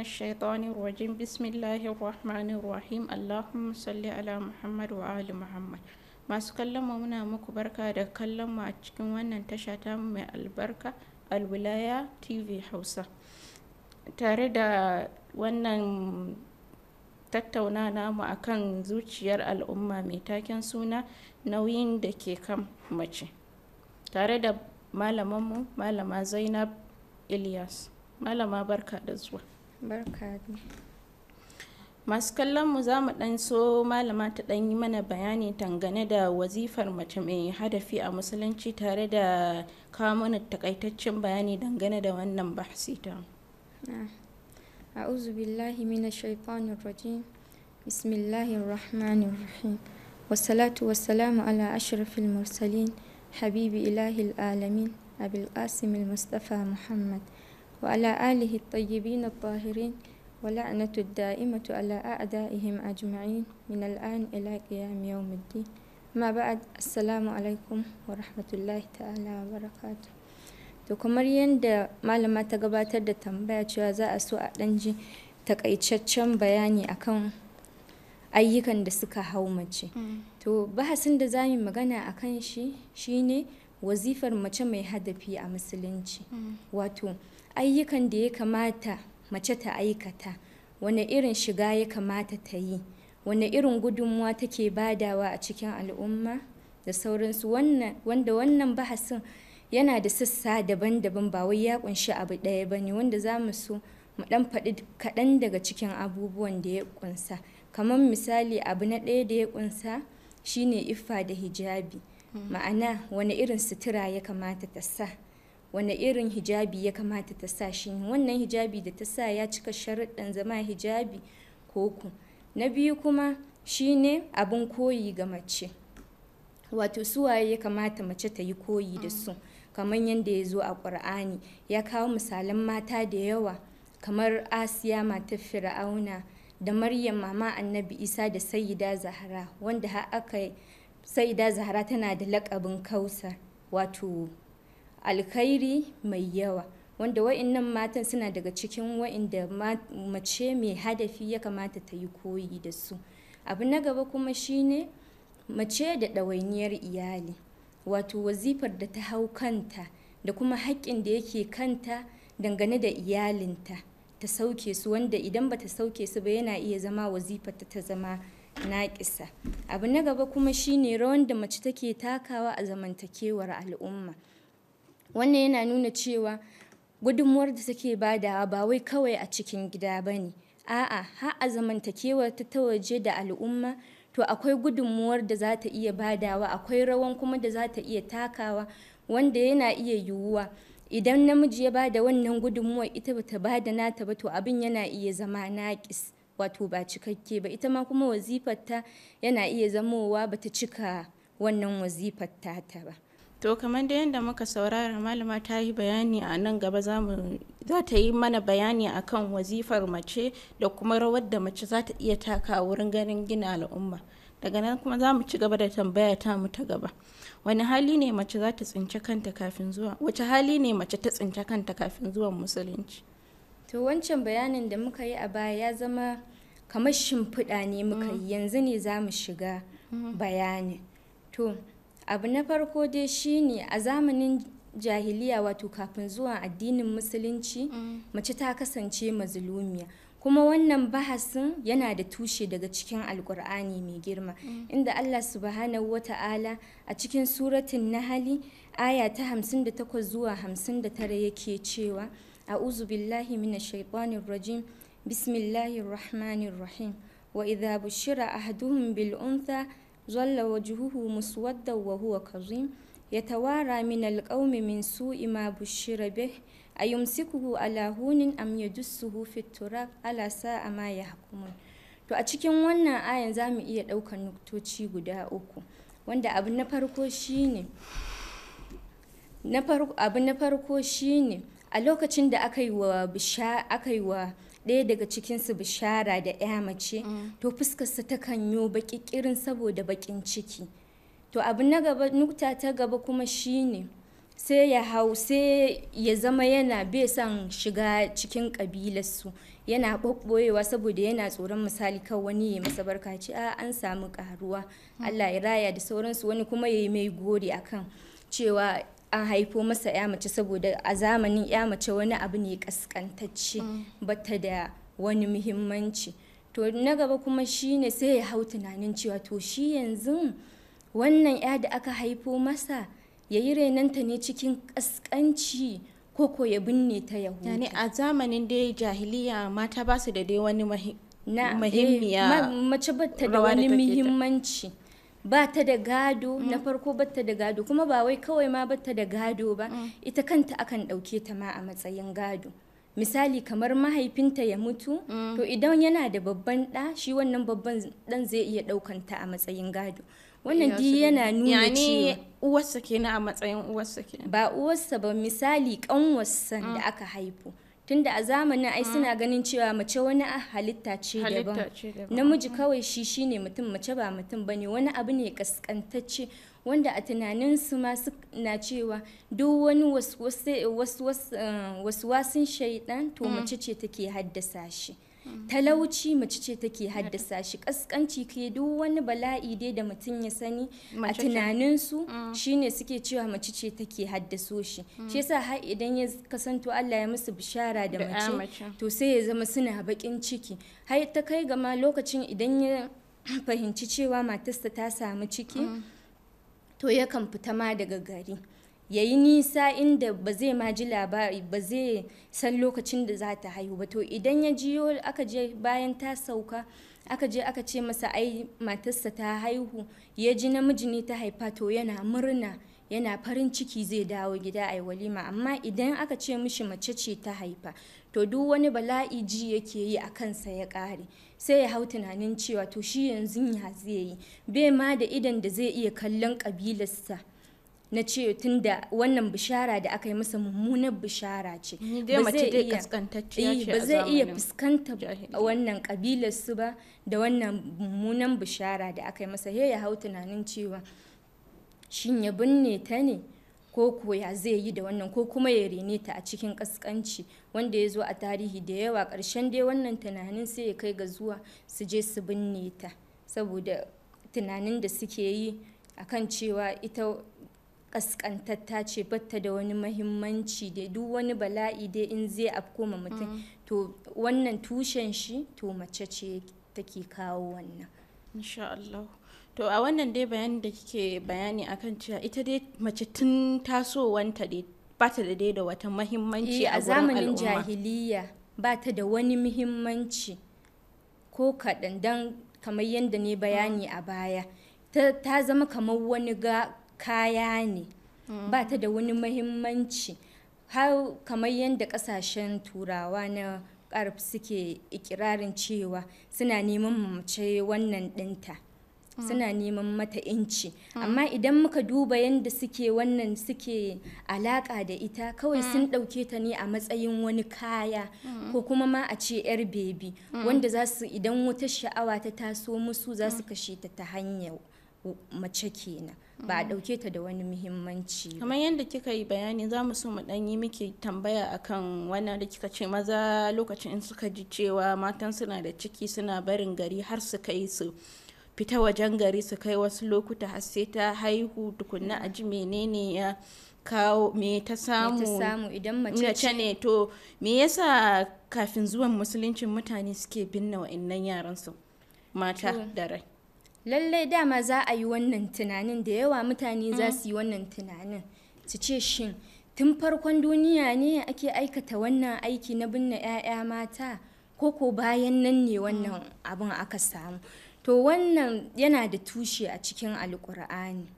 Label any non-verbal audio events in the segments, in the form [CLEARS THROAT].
الشيطان الرجيم بسم الله الرحمن الرحيم اللهم صل على محمد وآل masu kallon mu muna muku barka da kallon mu a cikin wannan tasha ta mai albarka alwilaya tv hausa tare da wannan tattauna namu akan zuciyar al'umma mai taken suna nauyin da ke kan mace tare da malamanmu malama zainab ilyas malama barka da zuwa barka masu kallon mu za mu ɗan so malama ta ɗan yi mana bayani dangane da wazifar mace mai hadafi a musulunci tare da kawo mana takaitaccen bayani dangane da wannan bahsi ta a'udhu billahi minash shaitanir rajim bismillahir rahmanir rahim wassalatu wassalamu ala ashrafil mursalin habibi ilahil alamin abil qasim mustafa muhammad وعلى آله الطيبين الطاهرين ولعنة الدائمة على أعدائهم أجمعين من الآن إلى قيام يوم الدين ما بعد السلام alaikum wa rahmatullahi ta'ala wa barakatu to kamar yadda malama ta gabatar da tambaya cewa za a so a ɗan ji takaitaccen bayani akan ayyukan da suka hau mace to bahasin da za mu magana a kan shi shine wazifar mace mai hadafi a musulunci wato ayyukan da ya kamata mace ta aikata wane irin shiga ya kamata ta yi wane irin gudunmuwa take badawa a cikin al'umma da sauransu wanda wannan bahasin yana da sassa daban-daban ba wai ya kunshi abu ɗaya ba ne wanda za mu so mu ɗan faɗi kaɗan daga cikin abubuwan da ya kunsa kamar misali abu na ɗaya da ya kunsa shine iffa da hijabi hmm. ma'ana wani irin sutura ya kamata ta sa wanne irin hijabi ya kamata ta sa shi wannan hijabi da ta sa ya cika sharuɗan zama hijabi ko ku na biyu kuma shine abin koyi ga mace wato suwaye ya kamata mace ta yi koyi da su kamar yadda ya zo a ƙur'ani ya kawo misalan mata da yawa kamar asiya matar fir'auna da maryam mama annabi isa da sayyida zahara wanda har aka sayyida zahara tana da laƙabin kausa wato alkhairi mai yawa wanda wa'annan matan suna daga cikin wa'inda mace mai hadafi ya kamata ta yi koyi da su abu na gaba kuma shine mace da ɗawainiyar iyali wato wazifar da ta hau kanta da kuma haƙƙin da yake kanta dangane da iyalinta ta sauke su wanda idan ba ta sauke su ba yana iya zama wazifar ta zama naƙisa abu na gaba kuma shine rawan da mace take takawa a zamantakewar al'umma Wannan yana nuna cewa gudunmuwar da take badawa ba wai kawai a cikin gida ba ne, a'a har a zamantakewar ta waje da al'umma to akwai gudunmuwar da za ta iya badawa, akwai rawan kuma da za ta iya takawa wanda yana iya yiwuwa idan namiji ya bada wannan gudunmuwar ita ba ta nata ba to abin yana iya zama naƙis wato ba cikakke ba, ita ma kuma wazifarta yana iya zamowa ba ta cika wannan wazifar ta ba. to kamar da yadda muka saurara malama ta yi bayani a nan gaba za ta yi mana bayani akan wazifar mace da kuma rawar da mace za ta iya taka wurin ganin gina al'umma daga nan kuma za mu ci gaba da tambaya ta mu ta gaba wani hali ne mace za ta tsinci kanta kafin zuwa wace hali ne mace ta tsinci kanta kafin zuwan musulunci to wancan bayanin da muka yi a baya ya zama kamar shimfiɗa ne muka yi mm. yanzu ne za mu shiga mm. bayani to abu na farko dai shine a zamanin jahiliya wato kafin zuwa addinin musulunci mm. mace ta kasance mazulumiya kuma wannan bahasin yana da tushe daga cikin alkur'ani mai girma mm. inda allah subhanahu ta'ala a cikin suratun nahali aya ta 58 zuwa 59 yake cewa a billahi mina shaitanir rajim bismillahir rahim wa idha bushira ahaduhum bil untha zalla wajuhu musuwadda wa huwa karim ya tawara min alƙaumi min su ima bushira a yi musikuhu alahunin am ya dusu hu fitura alasa a ma ya hakuma to a cikin wannan ayan za mu iya ɗaukar nuktoci guda uku wanda abu na farko shi ne a lokacin da aka yi wa ɗaya daga cikinsu bishara da ya mace mm. to fuskarsa ta kanyo baƙi kirin saboda baƙin ciki to abu na gaba nukta ta gaba kuma shine sai ya hau sai ya zama yana bai son shiga cikin kabilarsu yana ɓoɓɓoyewa saboda yana tsoron misali kawai wani ya masa barka ce a an samu ƙaruwa mm. Allah ya raya da sauransu wani kuma ya yi mai gori akan cewa an haifo masa ya mace saboda a zamanin ya mace wani abu ne kaskantacce mm. bata da wani muhimmanci to na gaba kuma shine sai ya hau tunanin cewa to shi yanzu wannan ya da aka haifo masa ya yi renanta ne cikin kaskanci koko ya binne ta ya huta. Yani a zamanin dai jahiliya mata ba su da dai wani eh, muhimmiya mace bata da wani muhimmanci. ba ta da gado mm. na farko ba ta da gado kuma ba wai kawai ma ba ta da gado ba mm. ita kanta akan ɗauke ta ma a matsayin gado misali kamar mahaifinta ya mutu mm. to idan yana da babban ɗa shi wannan babban ɗan zai iya ɗaukanta a matsayin gado wannan di yana nuna cewa uwarsa kenan a matsayin uwarsa kenan ba uwarsa ba misali ƙanwarsa da aka haifu tunda a zamanin ai mm. suna ganin cewa mace wani halitta ce daban namiji mm. kawai shi shine mutum mace ba mutum bane wani abu ne kaskantacce wanda a tunanin su ma na cewa duk wani wasu wasu wasu um, wasu wasu shaidan to mm. mace ce take haddasa shi talauci mace ce take haddasa shi kaskanci ke duk wani bala'i dai da mutum ya sani a tunaninsu mm. shine suke cewa mace ce take haddaso shi mm. shi yasa har idan ya kasanto Allah ya musu bishara da mace to sai ya zama suna bakin ciki har ta kai gama lokacin idan ya [CLEARS THROAT] fahimci cewa matarsa ta samu ciki mm. to yakan fita ma daga gari ya yi nisa inda ba zai ma ji labari ba zai san lokacin da za ta haihu ba to idan ya jiyo aka je bayan ta sauka aka je aka ce masa ai matarsa ta haihu ya ji namiji ne ta haifa to yana murna yana farin ciki zai dawo gida a walima amma idan aka ce mishi mace ce ta haifa to duk wani bala'i ji yake yi a kansa ya ƙare sai ya hau tunanin cewa to shi yanzu ya zai yi bai ma da idan da zai iya kallon ƙabilarsa na ce tun da wannan bishara da aka yi masa mummunar bishara ce ba zai iya eh, fuskanta wannan kabilar su ba da wannan mummunan bishara da aka yi masa ya hau tunanin cewa shin ya binne ta ne ko koya zai yi da wannan ko kuma ya rene ta a cikin kaskanci wanda ya zo a tarihi da yawa ƙarshen dai wannan tunanin sai ya kai ga zuwa su je su binne ta saboda tunanin da suke yi akan cewa ita kaskantatta ce batta da wani mahimmanci dai duk wani bala'i dai in zai afko ma mutum mm. to wannan tushen shi to mace ce take kawo wannan insha Allah to a wannan dai bayani da kike bayani akan cewa ita dai mace tun tasowanta dai bata da dai da wata mahimmanci eh, a zamanin jahiliya bata da wani muhimmanci ko kaɗan dan kamar yadda ne bayani mm. a baya ta, zama kamar wani ga kaya ne ba ta da wani mahimmanci har kamar yadda kasashen turawa na arab suke ikirarin cewa suna neman mace wannan ɗinta suna neman mata inci amma idan muka duba yadda suke wannan suke alaƙa da ita kawai sun ɗauke ta ne a matsayin wani kaya ko kuma ma a ce 'yar bebi wanda za su idan wata sha'awa ta taso musu za su kashe ta ta hanyar mace kenan ba a ɗauke ta da wani muhimmanci kamar yadda kika yi bayani za mu so mu ɗan yi miki tambaya akan wannan da kika ce maza lokacin in suka ji cewa matan suna da ciki suna barin gari har su kai su fita wajen gari su kai wasu lokuta har sai ta haihu tukunna a ji menene ya kawo me ta samu idan mace ne to me yasa kafin zuwan musuluncin mutane suke binne wa'annan yaran su mata da rai lallai dama za a yi wannan tunanin da yawa mutane za mm. su yi wannan tunanin su ce shin tun farkon duniya ne ake aikata wannan aiki na binne 'ya'ya mata ko ko bayan nan ne wannan mm. abin aka samu to wannan yana da tushe a cikin alkur'ani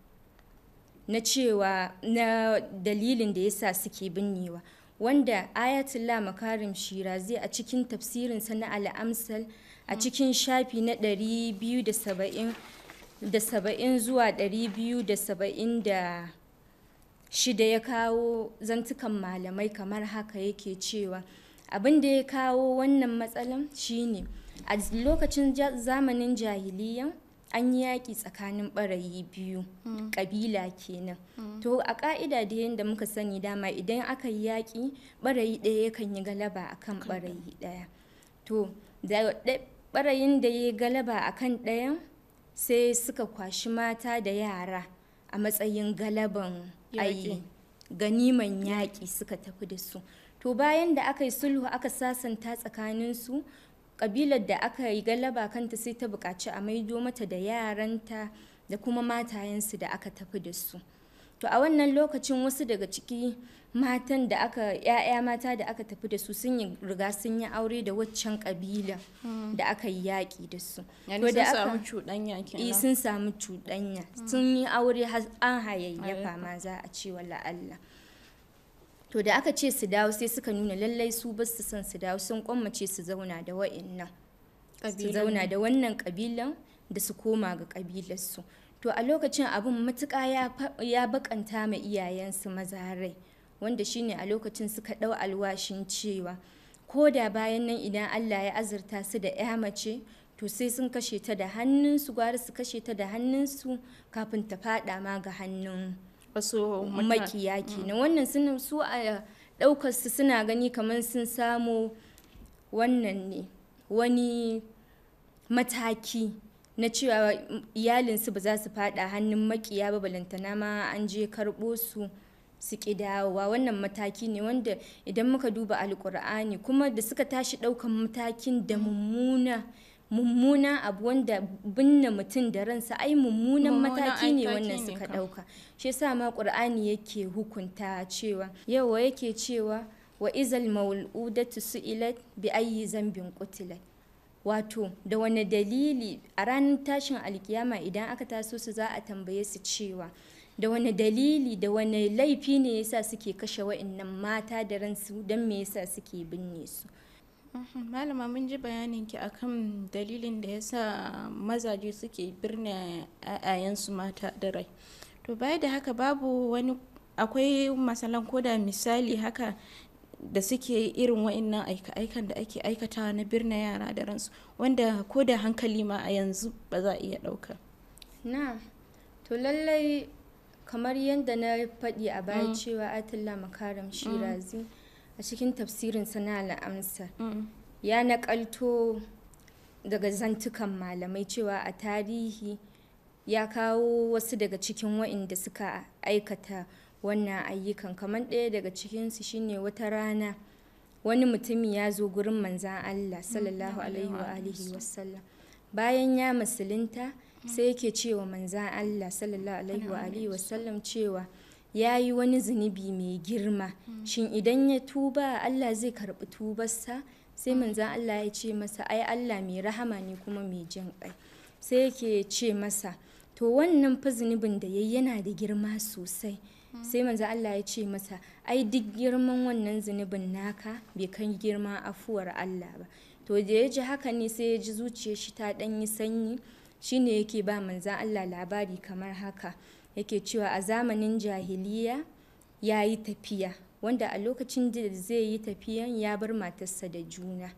na cewa na dalilin da yasa suke binnewa wanda ayatullah makarim zai a cikin tafsirinsa na al'amsal a cikin shafi na 270 zuwa 276 ya kawo zantukan malamai kamar haka yake cewa abin da ya kawo wannan matsalan shine a lokacin zamanin jahiliya an yi yaƙi tsakanin ɓarayi biyu hmm. ƙabila kenan hmm. to a ƙa'ida da yadda muka sani dama idan aka yi yaƙi ɓarayi ɗaya yakan yi galaba akan ɓarayi ɗaya to ɓarayin da ya galaba a kan ɗayan sai suka kwashi mata da yara a matsayin galaban ayi ganiman yaƙi suka tafi da su to bayan da aka yi sulhu aka sasanta tsakaninsu ƙabilar da aka yi galaba kanta sai ta buƙaci a maido mata da yaranta da kuma matayensu da aka tafi da su to a wannan lokacin wasu daga ciki matan da aka ‘ya'ya mata da aka tafi da su sun yi riga sun yi aure da waccan kabila hmm. da aka yi yaƙi da su. Yani eh, sun samu cuɗanya kenan. sun samu cuɗanya. Sun yi aure an hayayyafa ma za a ce wala Allah. To da aka ce su dawo sai suka nuna lallai su ba su san su dawo sun kwammace su zauna da wa'innan. Su zauna da wannan kabilan da su koma ga kabilarsu. To a lokacin abin matuka ya baƙanta ma iyayensu maza rai. wanda shine a lokacin suka ɗau alwashin cewa ko da bayan nan idan Allah ya azurta su da ya mace to sai sun kashe ta da hannunsu gwara su kashe ta da hannunsu kafin ta fada ma ga hannun wasu makiya kenan mm. wannan suna su a daukar su suna gani kamar sun samu wannan ne wani mataki na cewa iyalinsu ba za su fada hannun makiya ba balantana ma an je karɓo su su ƙi wannan mataki ne wanda idan muka duba alkur'ani kuma da suka tashi ɗaukan matakin da mm. mummuna mummunan abu wanda binne mutum da ransa ai mummunan mataki ne wannan suka ɗauka shi yasa ma ƙur'ani yake hukunta cewa yawa yake cewa wa izal su su'ilat bi ayyi zambin qutilat wato da wani dalili a ranar tashin alkiyama idan aka taso su za a tambaye su cewa da wani dalili da wani laifi ne yasa suke kashe wa'annan mata da ransu don me yasa suke binne su mhm, malama mun ji bayanin bayaninki akan dalilin da yasa mazaje suke birne yayansu mata da rai to baya da haka babu wani akwai masalan koda misali haka da suke irin wa'annan aika-aikan da ake aikata na birna yara da ransu wanda ko da hankali ma a yanzu ba za a iya ɗauka na to lallai kamar yadda na faɗi a baya mm. cewa atilla makaram shirazi mm. a cikin tafsirin sana la'amsa mm. ya naƙalto daga zantukan malamai cewa a tarihi ya kawo wasu daga cikin waɗanda suka aikata wannan ayyukan kamar ɗaya daga cikinsu shine wata rana wani mutumi ya zo gurin manzan Allah sallallahu alaihi wa alihi wasallam bayan ya musulunta sai yake cewa manzan Allah sallallahu alaihi wa alihi sallam cewa ya yi wani zunubi mai girma hmm. shin idan ya tuba Allah zai karɓi tubarsa sai hmm. manzan Allah ya ce masa ai Allah mai rahama ne kuma mai jin ƙai sai yake ce masa to wannan fa zunubin da yayi yana da girma sosai hmm. sai manzan Allah ya ce masa ai duk girman wannan zunubin naka bai kan girma afuwar Allah ba to da ya ji haka ne sai ya ji zuciyar shi ta ɗan yi sanyi shine yake ba manzan Allah labari kamar haka yake cewa a zamanin jahiliya ya yi tafiya wanda a lokacin da zai yi tafiyan ya bar matarsa da juna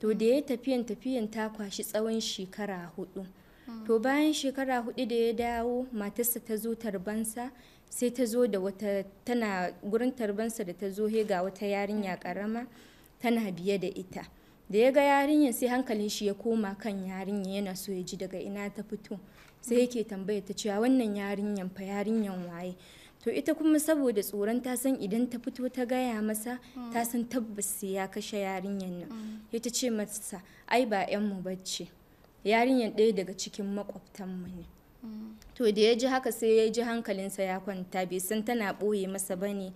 to da ya tafiyan tafiyan ta kwashi tsawon shekara hudu to bayan shekara hudu da ya dawo matarsa ta zo tarbansa sai ta zo da wata tana gurin tarbansa da ta zo ga wata yarinya karama tana biye da ita da ya ga yarinyar sai hankalin shi ya koma kan yarinyar yana so ya ji daga ina ta fito sai yake tambaya ta cewa wannan yarinyan fa yarinyan waye to ita kuma saboda tsoron ta san idan ta fito ta gaya masa ta san tabbas sai ya kashe yarinyan nan ita ce masa ai ba yan mu bacci yarinyar ɗaya daga cikin makwabtan mu ne to da ya ji haka sai ya ji hankalinsa ya kwanta bai san tana ɓoye masa bane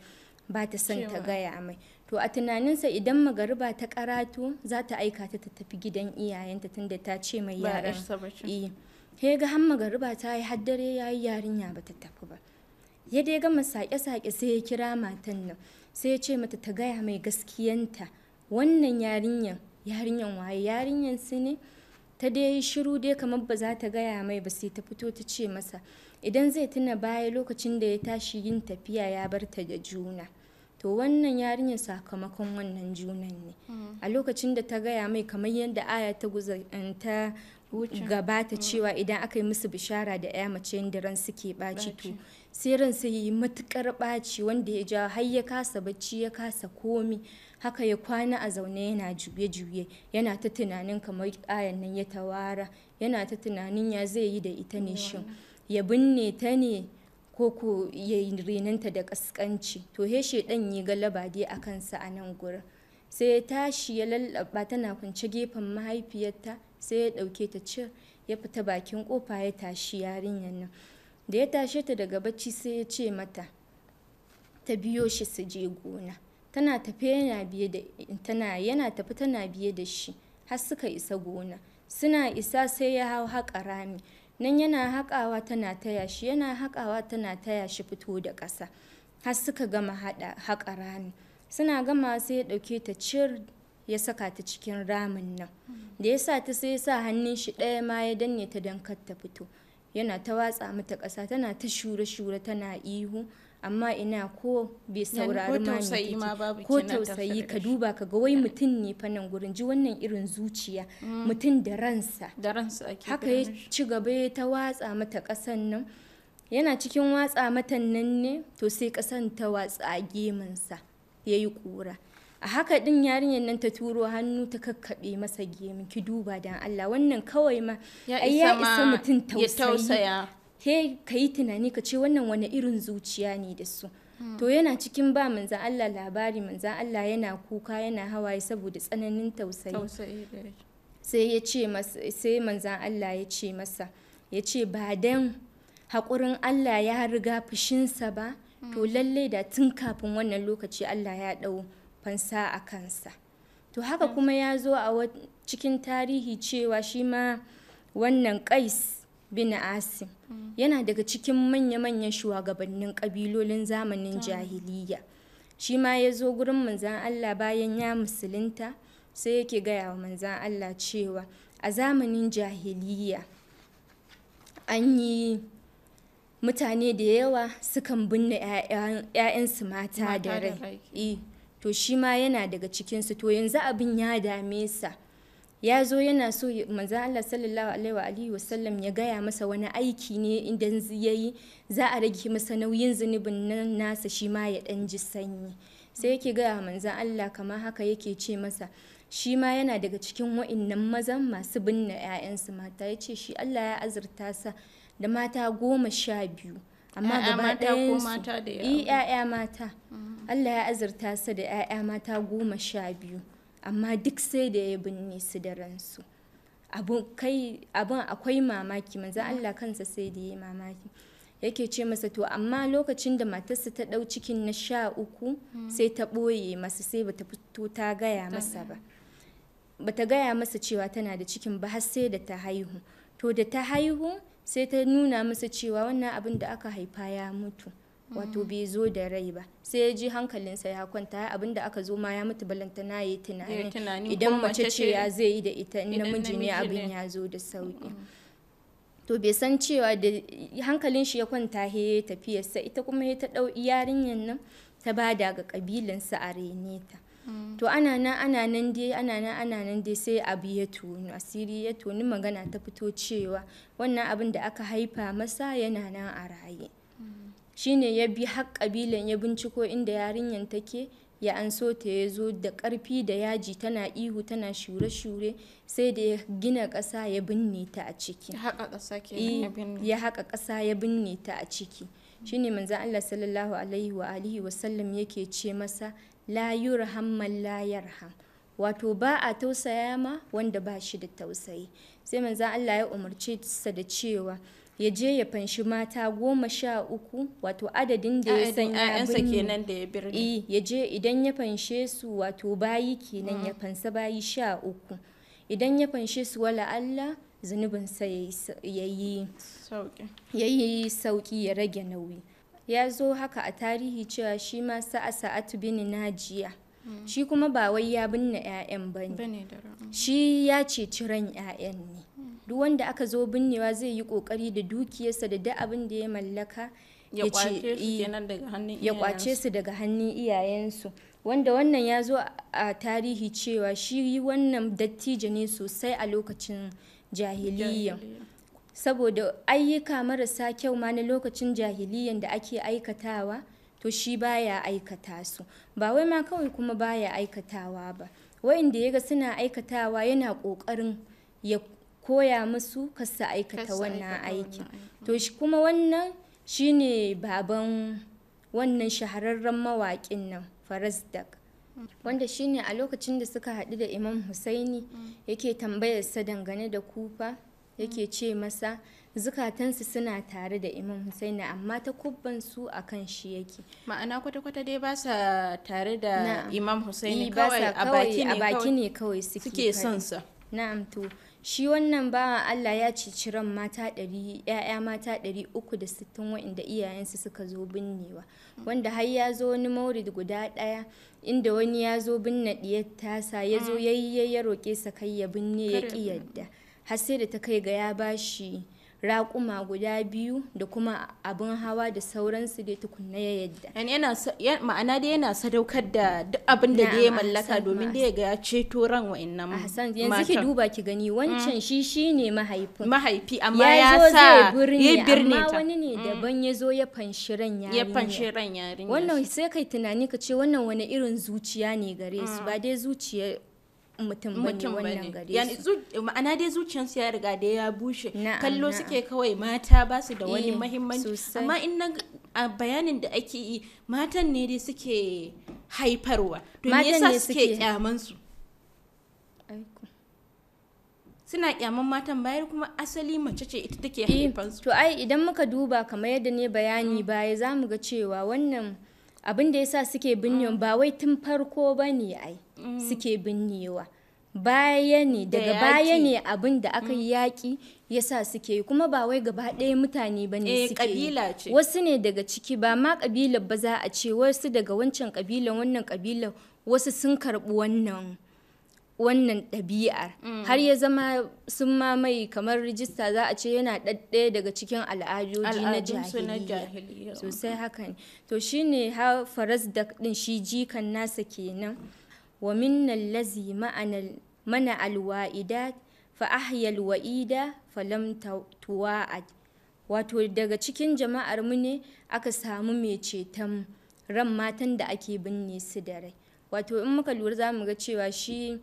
ba ta san ta gaya mai to a tunaninsa idan magariba ta karatu za ta aika ta ta tafi gidan iyayenta tunda ta ce mai yaran eh, he ga har magariba ta yi haddare ya yi yarinya ba ta tafi ba ya dai gama sake-sake sai ya kira matan nan sai ya ce mata ta gaya mai gaskiyanta wannan yarinyan yarinyan waye yarinyan su ne ta dai yi shiru dai kamar ba za ta gaya mai ba sai ta fito ta ce masa idan zai tuna baya lokacin da ya tashi yin tafiya ya bar ta da juna to wannan yarinyar sakamakon wannan junan ne mm. a lokacin da ta gaya mai kamar yadda aya ta eh, ta gabata mm. cewa idan aka yi musu bishara da ya mace yadda ran suke ɓaci to sai ran sai yi matukar ɓaci wanda ya ja har ya kasa bacci ya kasa komi haka ya kwana a zaune yana juye-juye yana ta tunanin kamar ayan nan ya tawara yana ta tunanin ya zai yi da ita ne shin ya binne ta ne ko ko ya renanta da kaskanci to he shedan yi galaba dai a kansa a nan gurin sai ya tashi ya lallaba tana kwance gefen mahaifiyarta sai ya ɗauke ta cir ya fita bakin kofa ya tashi yarinyar nan da ya tashe ta daga bacci sai ya ce mata ta biyo shi su je gona tana tafe yana biye da tana yana tafi tana biye da shi har suka isa gona suna isa sai ya hau haƙa rami nan yana haƙawa tana taya shi yana haƙawa tana taya shi fito da ƙasa har suka gama haƙa rami suna gama sai ya ɗauke ta cir ya saka ta cikin ramin nan mm. da ya sa ta sai ya sa hannun shi ɗaya ma ya danne ta don kar ta fito yana ta watsa mata ƙasa tana ta shure-shure tana ihu amma ina ko bai saurari ma ko tausayi ka duba ka ga wai mutum ne fa nan gurin ji wannan irin zuciya mm. mutum da ransa haka ya ci gaba ya ta watsa mata ƙasan nan yana cikin watsa mata nan ne to sai kasan ta watsa gemunsa ya yi ƙura a haka din yarinyar nan ta turo hannu ta kakkaɓe masa gemin ki duba dan Allah wannan kawai ma ya isa mutum tausayi he ka yi tunani ka ce wannan wani irin zuciya ne da su hmm. to yana cikin ba manzan Allah labari manzan Allah yana kuka yana hawaye saboda tsananin tausayi sai ya manzan Allah ya ce masa ya ce ba dan haƙurin Allah ya riga fushinsa ba hmm. to lallai da tun kafin wannan lokaci Allah ya ɗau fansa a kansa to haka hmm. kuma ya zo a cikin tarihi cewa shi ma wannan kais bin asim yana daga cikin manya-manyan shugabannin ƙabilolin zamanin jahiliya shi ma ya zo gurin manzan allah bayan ya musulunta sai yake gaya wa manzan allah cewa a zamanin jahiliya an yi mutane da yawa sukan binne 'ya'yansu mata da rai eh, to shi ma yana daga cikinsu to yanzu abin ya dame sa ya zo yana so manzan Allah sallallahu alaihi wa alihi sallam ya gaya masa wani aiki ne idan yi za a rage masa nauyin zunubin nan nasa shi ma ya dan ji sanyi sai yake gaya manzan Allah kamar haka yake ce masa shi ma yana daga cikin wa'innan mazan masu binne 'ya'yansu mata ya ce shi Allah ya azurta sa da mata goma sha biyu amma gaba ɗayansu 'ya'ya mata mm. Allah ya azurta sa da 'ya'ya mata goma sha biyu amma duk sai da ya binne su da ransu abin akwai mamaki manzan Allah kansa sai da ya mamaki yake ce masa to amma lokacin da matarsa ta ɗau cikin na sha uku hmm. sai ta ɓoye masa sai bata fito ta gaya masa ba bata gaya masa cewa tana da cikin ba har sai da ta haihu to da ta haihu sai ta nuna masa cewa wannan abin da aka haifa ya mutu wato bai zo da rai ba sai ya ji hankalinsa ya kwanta abinda aka zo ma ya mutu balantana ya yi tunani idan mace ce ya zai yi da ita namiji ne abin ya zo da sauki to bai san cewa da hankalin shi ya kwanta he ya tafiyarsa ita kuma ya ta dau yarinyan nan ta bada ga sa a rene ta mm. to ana nan ana nan dai ana nan ana nan dai sai abu ya tuni asiri ya tuni magana ta fito cewa wannan abin da aka haifa masa yana nan a raye shine ya bi har ƙabilan ya binciko inda yarinyar take ya anso ta ya zo da ƙarfi da yaji tana ihu tana shure-shure sai da ya gina ƙasa ya binne ta a ciki ya haƙa ƙasa eh, ya binne ta a ciki shine manzon Allah sallallahu alaihi wa alihi wa sallam yake ce masa la yurham man la wato ba a tausaya ma wanda ba shi da tausayi sai manzon Allah ya umarce sa da cewa ya je ya fanshi mata goma sha uku wato adadin da ya san ya birni eh, ya je idan ya fanshe su wato bayi kenan ya mm. fansa bayi sha uku idan ya fanshe su wala Allah zunubinsa ya yi sauki ya rage nauyi ya zo haka a tarihi cewa shi ma sa'a sa'atu bin najiya mm. shi kuma ba wai ya binne 'ya'yan ba ne shi ya ceci ran 'ya'yan ne duk wanda aka zo binnewa zai yi kokari da dukiyarsa da da abin da ya mallaka ya kwace eh, su daga hannun iyayensu wanda wannan ya zo a tarihi cewa shi wannan dattijo ne sosai a lokacin jahiliya saboda ayyuka marasa kyau ma na lokacin jahiliyan da ake aikatawa to shi baya aikata su ba wai ma kawai kuma baya aikatawa ba wayanda ya ga suna aikatawa yana kokarin koya musu kasa aikata wannan aikin to shi kuma wannan shine baban wannan shahararren mawaƙin nan farazdak mm-hmm. wanda shine a lokacin da suka haɗu da imam husaini mm. yake tambayar sa dangane da kufa yake mm. ce masa zukatansu suna tare da imam husaini amma ta kubban su a kan shi yake ma'ana kwata-kwata dai ba sa tare da imam husaini eh, kawai a baki ne kawai suke son sa Na'am to shi wannan bawan Allah ya ceci ran mata ɗari ‘ya'ya mata ɗari uku da sittin waɗanda iyayensu suka zo binnewa wanda har ya zo wani maurid guda ɗaya inda wani ya zo binne ɗiyar tasa ya zo mm. yayye ya roƙe sa kai ya binne ya ƙi yadda har sai da ta kai ga ya bashi raƙuma guda biyu da kuma abin hawa da sauransu dai tukunna ya yadda ma'ana dai yana sadaukar da duk abin da ya mallaka domin da ya ga ceto ran wa'annan matan yanzu ki duba ki gani wancan mm. shi shi ne mahaifin mahaifi amma ya sa ya birne ta amma wani ne mm. daban ya zo ya fanshi ya fanshi ran yarinya wannan sai kai tunani ka ce wannan wani irin zuciya ne gare su mm. ba dai zuciya mutum mutum wannan gare su yani ma'ana dai zuciyarsu ya riga da ya bushe kallo suke kawai mata ba su da wani eh, mahimmanci amma in na a bayanin da ake yi matan ne dai suke haifarwa to me yasa suke kyaman su suna kyaman matan bayar kuma asali mace ce ita take eh, haifansu to ai idan muka duba kamar yadda ne bayani mm. baya zamu ga cewa wannan abin da ya sa suke binnewa ba wai tun farko ba ne ai suke binnewa baya ne daga baya ne abin da aka yi yaƙi ya sa suke yi kuma ba wai gaba ɗaya mutane ba ne eh, suke yi wasu ne daga ciki ba ma ƙabilar ba za a ce wasu daga wancan ƙabilar wannan ƙabilar wasu sun karɓi wannan wannan ɗabi'ar mm. har ya zama sun mamaye kamar rijista za a ce yana ɗaɗɗaya daga cikin al'adoji na jahiliya sosai hakan to shi ne ha faras da ɗin shi jikan nasa kenan wa minnan lazi mana alwa'ida fa ahyal wa'ida falam tuwa'ad wato daga cikin jama'ar mu ne aka samu mai ceton ran matan da ake binne su da rai wato in muka lura za mu ga cewa shi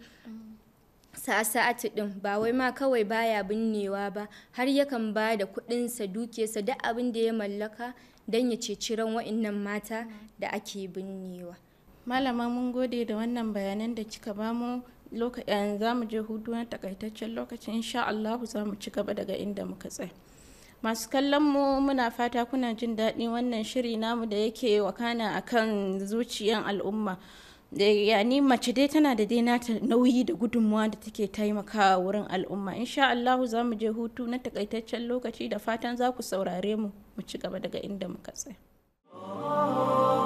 sa'atu din ba wai ma kawai baya binnewa ba har yakan ba da kuɗinsa dukiyarsa duk abin da ya mallaka don ya ceci ran wa'innan mata da ake binnewa malama mun gode da wannan bayanan da kika bamu lokacin eh, za mu je hudu na takaitaccen lokacin insha Allah za mu ci gaba daga inda muka tsaya masu kallon mu muna fata kuna jin daɗin wannan shiri namu da yake wakana akan zuciyan al'umma yani mace dai tana da dai nata nauyi da gudunmuwa da take taimakawa wurin al'umma insha allahu za mu je hutu na takaitaccen lokaci da fatan za ku saurare mu mu ci gaba daga inda muka tsaya.